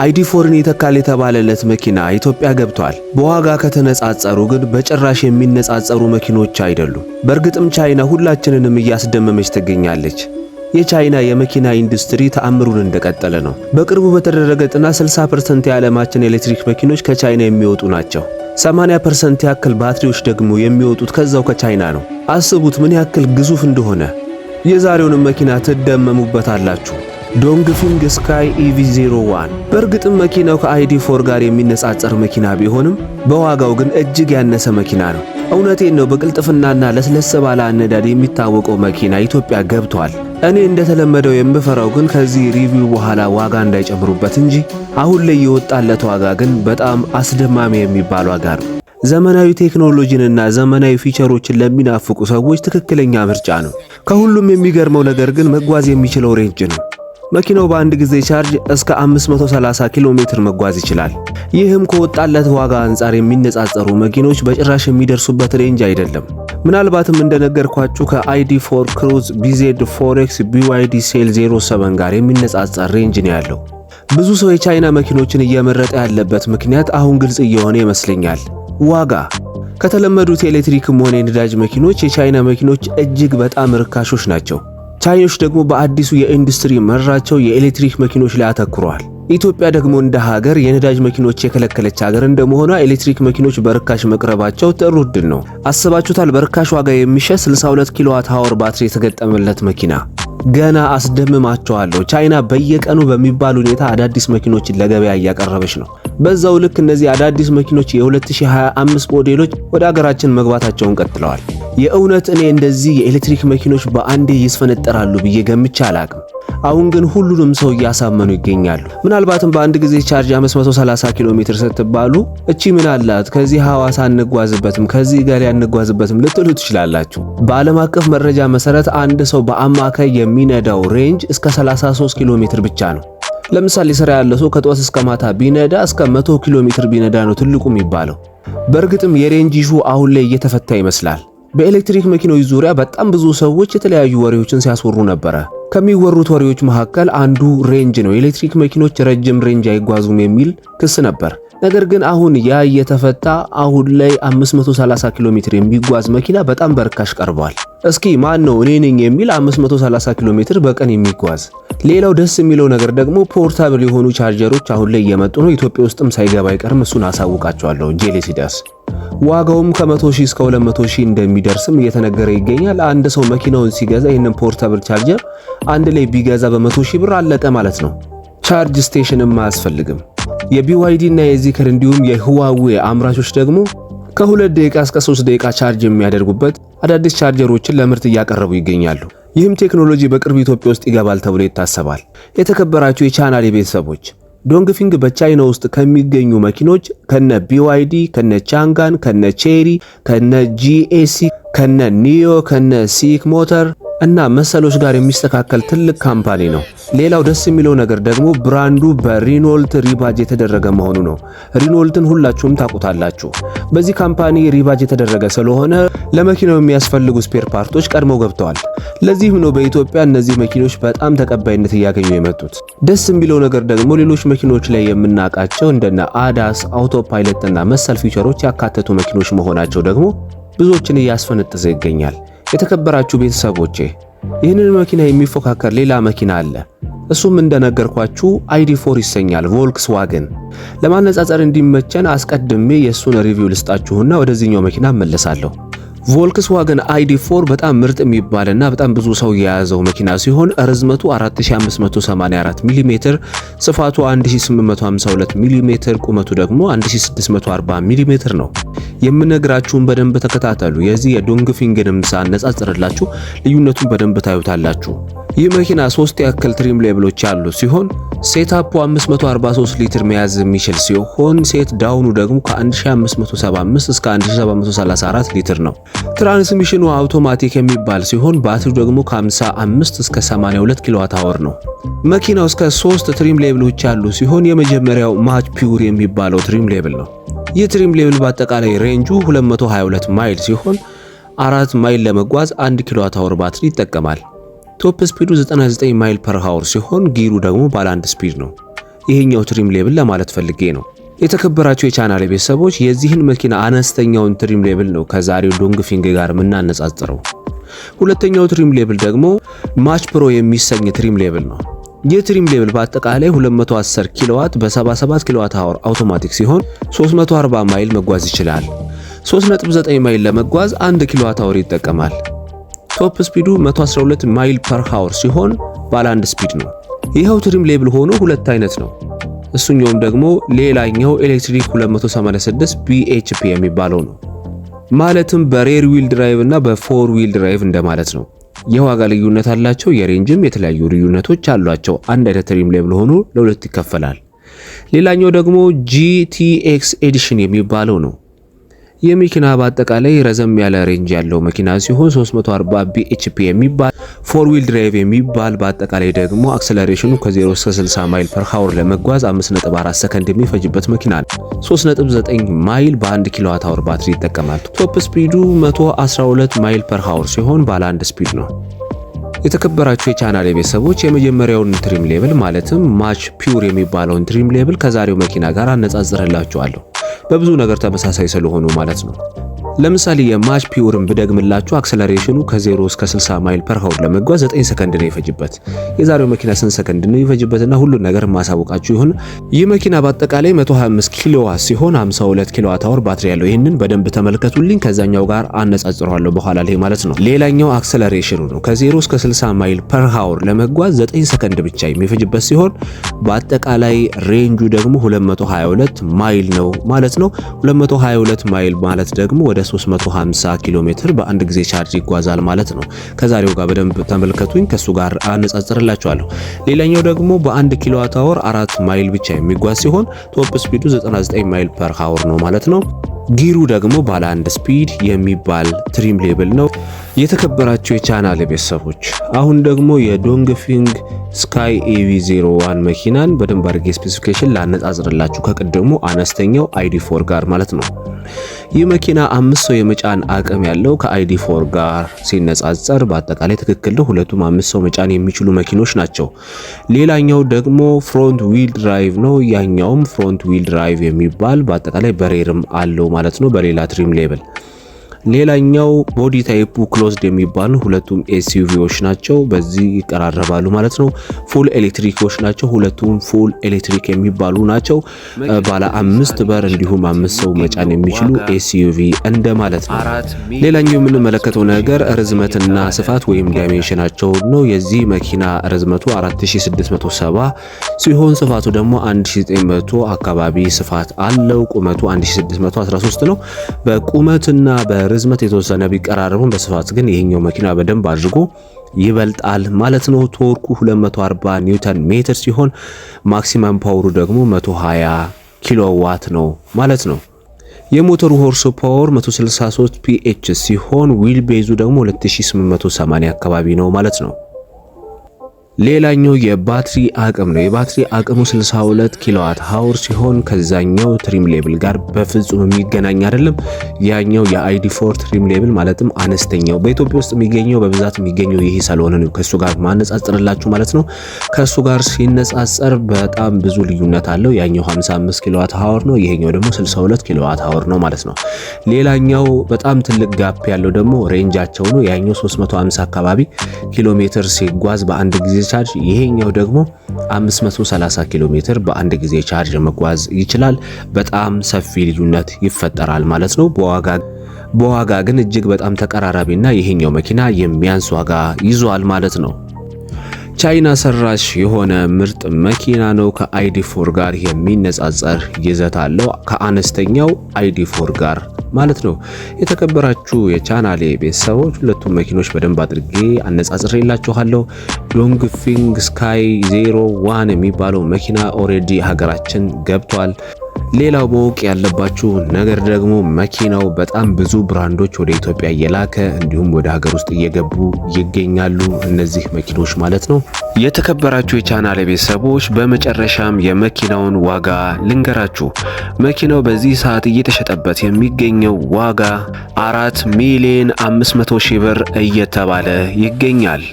አይዲ ፎርን ይተካል የተባለለት መኪና ኢትዮጵያ ገብቷል። በዋጋ ከተነጻጸሩ ግን በጭራሽ የሚነጻጸሩ መኪኖች አይደሉም። በእርግጥም ቻይና ሁላችንንም እያስደመመች ትገኛለች። የቻይና የመኪና ኢንዱስትሪ ተአምሩን እንደቀጠለ ነው። በቅርቡ በተደረገ ጥናት 60% የዓለማችን ኤሌክትሪክ መኪኖች ከቻይና የሚወጡ ናቸው። 80% ያክል ባትሪዎች ደግሞ የሚወጡት ከዛው ከቻይና ነው። አስቡት ምን ያክል ግዙፍ እንደሆነ። የዛሬውንም መኪና ትደመሙበታላችሁ። ዶንግፉንግ ስካይ ኢቪ e 01 በእርግጥም መኪናው ከአይዲ ፎር ጋር የሚነጻጸር መኪና ቢሆንም በዋጋው ግን እጅግ ያነሰ መኪና ነው። እውነቴን ነው። በቅልጥፍናና ለስለስ ባለ አነዳድ የሚታወቀው መኪና ኢትዮጵያ ገብቷል። እኔ እንደተለመደው የምፈራው ግን ከዚህ ሪቪው በኋላ ዋጋ እንዳይጨምሩበት እንጂ አሁን ላይ የወጣለት ዋጋ ግን በጣም አስደማሚ የሚባል ዋጋ ነው። ዘመናዊ ቴክኖሎጂንና ዘመናዊ ፊቸሮችን ለሚናፍቁ ሰዎች ትክክለኛ ምርጫ ነው። ከሁሉም የሚገርመው ነገር ግን መጓዝ የሚችለው ሬንጅ ነው። መኪናው በአንድ ጊዜ ቻርጅ እስከ 530 ኪሎ ሜትር መጓዝ ይችላል። ይህም ከወጣለት ዋጋ አንጻር የሚነጻጸሩ መኪኖች በጭራሽ የሚደርሱበት ሬንጅ አይደለም። ምናልባትም እንደነገርኳችሁ ከአይዲ4 ክሩዝ ቢዜድ 4 ቢዋይዲ ሴል 07 ጋር የሚነጻጸር ሬንጅ ነው ያለው። ብዙ ሰው የቻይና መኪኖችን እየመረጠ ያለበት ምክንያት አሁን ግልጽ እየሆነ ይመስለኛል። ዋጋ ከተለመዱት የኤሌክትሪክም ሆነ የነዳጅ መኪኖች የቻይና መኪኖች እጅግ በጣም ርካሾች ናቸው። ቻይኖች ደግሞ በአዲሱ የኢንዱስትሪ መራቸው የኤሌክትሪክ መኪኖች ላይ አተኩረዋል። ኢትዮጵያ ደግሞ እንደ ሀገር የነዳጅ መኪኖች የከለከለች ሀገር እንደመሆኗ ኤሌክትሪክ መኪኖች በርካሽ መቅረባቸው ጥሩ እድል ነው። አስባችሁታል? በርካሽ ዋጋ የሚሸ 62 ኪሎዋት ሀወር ባትሪ የተገጠመለት መኪና ገና አስደምማቸዋለሁ። ቻይና በየቀኑ በሚባል ሁኔታ አዳዲስ መኪኖችን ለገበያ እያቀረበች ነው። በዛው ልክ እነዚህ አዳዲስ መኪኖች የ2025 ሞዴሎች ወደ ሀገራችን መግባታቸውን ቀጥለዋል። የእውነት እኔ እንደዚህ የኤሌክትሪክ መኪኖች በአንዴ ይስፈነጠራሉ ብዬ ገምቼ አላቅም። አሁን ግን ሁሉንም ሰው እያሳመኑ ይገኛሉ። ምናልባትም በአንድ ጊዜ ቻርጅ 530 ኪሎ ሜትር ስትባሉ እቺ ምን አላት ከዚህ ሐዋሳ አንጓዝበትም ከዚህ ጋር አንጓዝበትም ልትሉ ትችላላችሁ። በዓለም አቀፍ መረጃ መሰረት አንድ ሰው በአማካይ የሚነዳው ሬንጅ እስከ 33 ኪሎ ሜትር ብቻ ነው። ለምሳሌ ስራ ያለ ሰው ከጧት እስከ ማታ ቢነዳ እስከ 100 ኪሎ ሜትር ቢነዳ ነው ትልቁ የሚባለው። በእርግጥም የሬንጅ ኢሹ አሁን ላይ እየተፈታ ይመስላል። በኤሌክትሪክ መኪኖች ዙሪያ በጣም ብዙ ሰዎች የተለያዩ ወሬዎችን ሲያስወሩ ነበረ። ከሚወሩት ወሬዎች መካከል አንዱ ሬንጅ ነው። ኤሌክትሪክ መኪኖች ረጅም ሬንጅ አይጓዙም የሚል ክስ ነበር። ነገር ግን አሁን ያ እየተፈታ አሁን ላይ 530 ኪሎ ሜትር የሚጓዝ መኪና በጣም በርካሽ ቀርቧል። እስኪ ማን ነው እኔ ነኝ የሚል 530 ኪሎ ሜትር በቀን የሚጓዝ። ሌላው ደስ የሚለው ነገር ደግሞ ፖርታብል የሆኑ ቻርጀሮች አሁን ላይ እየመጡ ነው። ኢትዮጵያ ውስጥም ሳይገባ አይቀርም። እሱን አሳውቃቸዋለሁ። ጄሌ ዋጋውም ከ100 ሺህ እስከ 200 ሺህ እንደሚደርስም እየተነገረ ይገኛል። አንድ ሰው መኪናውን ሲገዛ ይህንን ፖርታብል ቻርጀር አንድ ላይ ቢገዛ በ100 ሺህ ብር አለቀ ማለት ነው። ቻርጅ ስቴሽንም አያስፈልግም። የቢዋይዲ እና የዚከር እንዲሁም የህዋዌ አምራቾች ደግሞ ከሁለት ደቂቃ እስከ ሶስት ደቂቃ ቻርጅ የሚያደርጉበት አዳዲስ ቻርጀሮችን ለምርት እያቀረቡ ይገኛሉ። ይህም ቴክኖሎጂ በቅርብ ኢትዮጵያ ውስጥ ይገባል ተብሎ ይታሰባል። የተከበራችሁ የቻናሌ ቤተሰቦች ዶንግፊንግ በቻይና ውስጥ ከሚገኙ መኪኖች ከነ ቢዋይዲ፣ ከነ ቻንጋን፣ ከነ ቼሪ፣ ከነ ጂኤሲ፣ ከነ ኒዮ፣ ከነ ሲክ ሞተር እና መሰሎች ጋር የሚስተካከል ትልቅ ካምፓኒ ነው። ሌላው ደስ የሚለው ነገር ደግሞ ብራንዱ በሪኖልት ሪባጅ የተደረገ መሆኑ ነው። ሪኖልትን ሁላችሁም ታውቁታላችሁ። በዚህ ካምፓኒ ሪባጅ የተደረገ ስለሆነ ለመኪናው የሚያስፈልጉ ስፔር ፓርቶች ቀድመው ገብተዋል። ለዚህም ነው በኢትዮጵያ እነዚህ መኪኖች በጣም ተቀባይነት እያገኙ የመጡት። ደስ የሚለው ነገር ደግሞ ሌሎች መኪኖች ላይ የምናውቃቸው እንደና አዳስ፣ አውቶ እና መሰል ፊቸሮች ያካተቱ መኪኖች መሆናቸው ደግሞ ብዙዎችን እያስፈነጠዘ ይገኛል። የተከበራችሁ ቤተሰቦቼ ይህንን መኪና የሚፎካከር ሌላ መኪና አለ። እሱም እንደነገርኳችሁ አይዲ ፎር ይሰኛል፣ ቮልክስ ዋግን። ለማነጻጸር እንዲመቸን አስቀድሜ የእሱን ሪቪው ልስጣችሁና ወደዚህኛው መኪና እመለሳለሁ። ቮልክስዋገን አይዲ 4 በጣም ምርጥ የሚባልና በጣም ብዙ ሰው የያዘው መኪና ሲሆን ርዝመቱ 4584 ሚሜ፣ ስፋቱ 1852 ሚሜ፣ ቁመቱ ደግሞ 1640 ሚሜ ነው። የምነግራችሁን በደንብ ተከታተሉ። የዚህ የዶንግፊንግን ምሳ አነጻጽርላችሁ ልዩነቱን በደንብ ታዩታላችሁ። ይህ መኪና ሶስት ያክል ትሪም ሌብሎች ያሉ ሲሆን ሴትአፑ 543 ሊትር መያዝ የሚችል ሲሆን ሴት ዳውኑ ደግሞ ከ1575 እስከ 1734 ሊትር ነው። ትራንስሚሽኑ አውቶማቲክ የሚባል ሲሆን ባትሪው ደግሞ ከ55 እስከ 82 ኪሎዋት አወር ነው። መኪናው እስከ ሶስት ትሪም ሌብሎች ያሉ ሲሆን የመጀመሪያው ማች ፒውር የሚባለው ትሪም ሌብል ነው። ይህ ትሪም ሌብል በአጠቃላይ ሬንጁ 222 ማይል ሲሆን አራት ማይል ለመጓዝ 1 ኪሎዋት አወር ባትሪ ይጠቀማል። ቶፕ ስፒዱ 99 ማይል ፐር ሃወር ሲሆን ጊሩ ደግሞ ባለ አንድ ስፒድ ነው። ይሄኛው ትሪም ሌብል ለማለት ፈልጌ ነው። የተከበራቸው የቻናል ቤተሰቦች የዚህን መኪና አነስተኛውን ትሪም ሌብል ነው ከዛሬው ዶንግ ፊንግ ጋር የምናነጻጽረው። ሁለተኛው ትሪም ሌብል ደግሞ ማች ፕሮ የሚሰኝ ትሪም ሌብል ነው። ይህ ትሪም ሌብል በአጠቃላይ 210 ኪሎዋት በ77 ኪሎዋት አወር አውቶማቲክ ሲሆን 340 ማይል መጓዝ ይችላል። 3.9 ማይል ለመጓዝ 1 ኪሎዋት አወር ይጠቀማል። ቶፕ ስፒዱ 112 ማይል ፐር ሃወር ሲሆን ባለ አንድ ስፒድ ነው። ይኸው ትሪም ሌብል ሆኖ ሁለት አይነት ነው። እሱኛውም ደግሞ ሌላኛው ኤሌክትሪክ 286 BHP የሚባለው ነው። ማለትም በሬር ዊል ድራይቭ እና በፎር ዊል ድራይቭ እንደማለት ነው። የዋጋ ልዩነት አላቸው። የሬንጅም የተለያዩ ልዩነቶች አሏቸው። አንድ አይነት ትሪም ሌብል ሆኖ ለሁለት ይከፈላል። ሌላኛው ደግሞ GTX ኤዲሽን የሚባለው ነው። የመኪና በአጠቃላይ ረዘም ያለ ሬንጅ ያለው መኪና ሲሆን 340 ቢኤችፒ የሚባል ፎር ዊል ድራይቭ የሚባል በአጠቃላይ ደግሞ አክሰለሬሽኑ ከ0 እስከ 60 ማይል ፐር ሃወር ለመጓዝ 5.4 ሰከንድ የሚፈጅበት መኪና ነው። 3.9 ማይል በ1 ኪሎዋት አወር ባትሪ ይጠቀማል። ቶፕ ስፒዱ 112 ማይል ፐር ሃወር ሲሆን ባለ አንድ ስፒድ ነው። የተከበራቸው የቻናል ቤተሰቦች የመጀመሪያውን ትሪም ሌብል ማለትም ማች ፒውር የሚባለውን ትሪም ሌብል ከዛሬው መኪና ጋር አነጻጽርላችኋለሁ። በብዙ ነገር ተመሳሳይ ስለሆኑ ማለት ነው። ለምሳሌ የማች ፒውርን ብደግምላችሁ አክሰለሬሽኑ ከ0 እስከ 60 ማይል ፐር ሀውር ለመጓዝ 9 ሰከንድ ነው ይፈጅበት። የዛሬው መኪና ስንት ሰከንድ ነው ይፈጅበትና ሁሉን ነገር ማሳወቃችሁ ይሁን። ይህ መኪና በአጠቃላይ 125 ኪሎዋት ሲሆን 52 ኪሎዋት አወር ባትሪ ያለው። ይህንን በደንብ ተመልከቱልኝ፣ ከዛኛው ጋር አነጻጽረዋለሁ በኋላ ላይ ማለት ነው። ሌላኛው አክሰለሬሽኑ ነው። ከ0 እስከ 60 ማይል ፐር ሀውር ለመጓዝ 9 ሰከንድ ብቻ የሚፈጅበት ሲሆን በአጠቃላይ ሬንጁ ደግሞ 222 ማይል ነው ማለት ነው። 222 ማይል ማለት ደግሞ ወደ 350 ኪሎ ሜትር በአንድ ጊዜ ቻርጅ ይጓዛል ማለት ነው። ከዛሬው ጋር በደንብ ተመልከቱኝ፣ ከሱ ጋር አነጻጽርላችኋለሁ። ሌላኛው ደግሞ በአንድ ኪሎዋት አወር አራት ማይል ብቻ የሚጓዝ ሲሆን ቶፕ ስፒዱ 99 ማይል ፐር አወር ነው ማለት ነው። ጊሩ ደግሞ ባለ አንድ ስፒድ የሚባል ትሪም ሌብል ነው። የተከበራቸው የቻናል ቤተሰቦች አሁን ደግሞ የዶንግፊንግ ስካይ ኤቪ 01 መኪናን በደንብ አድርጌ ስፔሲፊኬሽን ላነጻጽርላችሁ ከቅድሙ አነስተኛው አይዲ ፎር ጋር ማለት ነው። ይህ መኪና አምስት ሰው የመጫን አቅም ያለው ከአይዲ ፎር ጋር ሲነጻጸር በአጠቃላይ ትክክል ነው። ሁለቱም አምስት ሰው መጫን የሚችሉ መኪኖች ናቸው። ሌላኛው ደግሞ ፍሮንት ዊል ድራይቭ ነው። ያኛውም ፍሮንት ዊል ድራይቭ የሚባል በአጠቃላይ በሬርም አለው ማለት ነው በሌላ ትሪም ሌብል ሌላኛው ቦዲ ታይፑ ክሎዝድ የሚባሉ ሁለቱም ኤስዩቪዎች ናቸው። በዚህ ይቀራረባሉ ማለት ነው። ፉል ኤሌክትሪኮች ናቸው። ሁለቱም ፉል ኤሌክትሪክ የሚባሉ ናቸው። ባለ አምስት በር እንዲሁም አምስት ሰው መጫን የሚችሉ ኤስዩቪ እንደ ማለት ነው። ሌላኛው የምንመለከተው ነገር ርዝመትና ስፋት ወይም ዳይሜንሽናቸው ነው። የዚህ መኪና ርዝመቱ 4670 ሲሆን ስፋቱ ደግሞ 1900 አካባቢ ስፋት አለው። ቁመቱ 1613 ነው። በቁመትና በ በርዝመት የተወሰነ ቢቀራረቡም በስፋት ግን ይሄኛው መኪና በደንብ አድርጎ ይበልጣል ማለት ነው። ቶርኩ 240 ኒውተን ሜትር ሲሆን ማክሲመም ፓወሩ ደግሞ 120 ኪሎዋት ነው ማለት ነው። የሞተሩ ሆርስ ፓወር 163 ፒኤች ሲሆን ዊል ቤዙ ደግሞ 2880 አካባቢ ነው ማለት ነው። ሌላኛው የባትሪ አቅም ነው። የባትሪ አቅሙ 62 ኪሎዋት አወር ሲሆን ከዛኛው ትሪም ሌብል ጋር በፍጹም የሚገናኝ አይደለም። ያኛው የአይዲ ፎር ትሪም ሌብል ማለትም አነስተኛው በኢትዮጵያ ውስጥ የሚገኘው በብዛት የሚገኘው ይሄ ስለሆነ ነው ከሱ ጋር ማነጻጽርላችሁ ማለት ነው። ከሱ ጋር ሲነጻጸር በጣም ብዙ ልዩነት አለው። ያኛው 55 ኪሎዋት ሀውር ነው፣ ይሄኛው ደግሞ 62 ኪሎዋት አወር ነው ማለት ነው። ሌላኛው በጣም ትልቅ ጋፕ ያለው ደግሞ ሬንጃቸው ነው። ያኛው 350 አካባቢ ኪሎ ሜትር ሲጓዝ በአንድ ጊዜ ቻርጅ፣ ይሄኛው ደግሞ 530 ኪሎ ሜትር በአንድ ጊዜ ቻርጅ መጓዝ ይችላል። በጣም ሰፊ ልዩነት ይፈጠራል ማለት ነው በዋጋ በዋጋ ግን እጅግ በጣም ተቀራራቢና ይሄኛው መኪና የሚያንስ ዋጋ ይዟል ማለት ነው። ቻይና ሰራሽ የሆነ ምርጥ መኪና ነው። ከአይዲ ፎር ጋር የሚነጻጸር ይዘት አለው። ከአነስተኛው አይዲ ፎር ጋር ማለት ነው። የተከበራችሁ የቻናሌ ቤተሰቦች ሁለቱም መኪኖች በደንብ አድርጌ አነጻጽሬላችኋለሁ። ፊንግ ስካይ ዜሮ ዋን የሚባለው መኪና ኦሬዲ ሀገራችን ገብቷል። ሌላው ማወቅ ያለባችሁ ነገር ደግሞ መኪናው በጣም ብዙ ብራንዶች ወደ ኢትዮጵያ እየላከ እንዲሁም ወደ ሀገር ውስጥ እየገቡ ይገኛሉ፣ እነዚህ መኪኖች ማለት ነው። የተከበራችሁ የቻናል ቤተሰቦች፣ በመጨረሻም የመኪናውን ዋጋ ልንገራችሁ። መኪናው በዚህ ሰዓት እየተሸጠበት የሚገኘው ዋጋ አራት ሚሊዮን አምስት መቶ ሺህ ብር እየተባለ ይገኛል።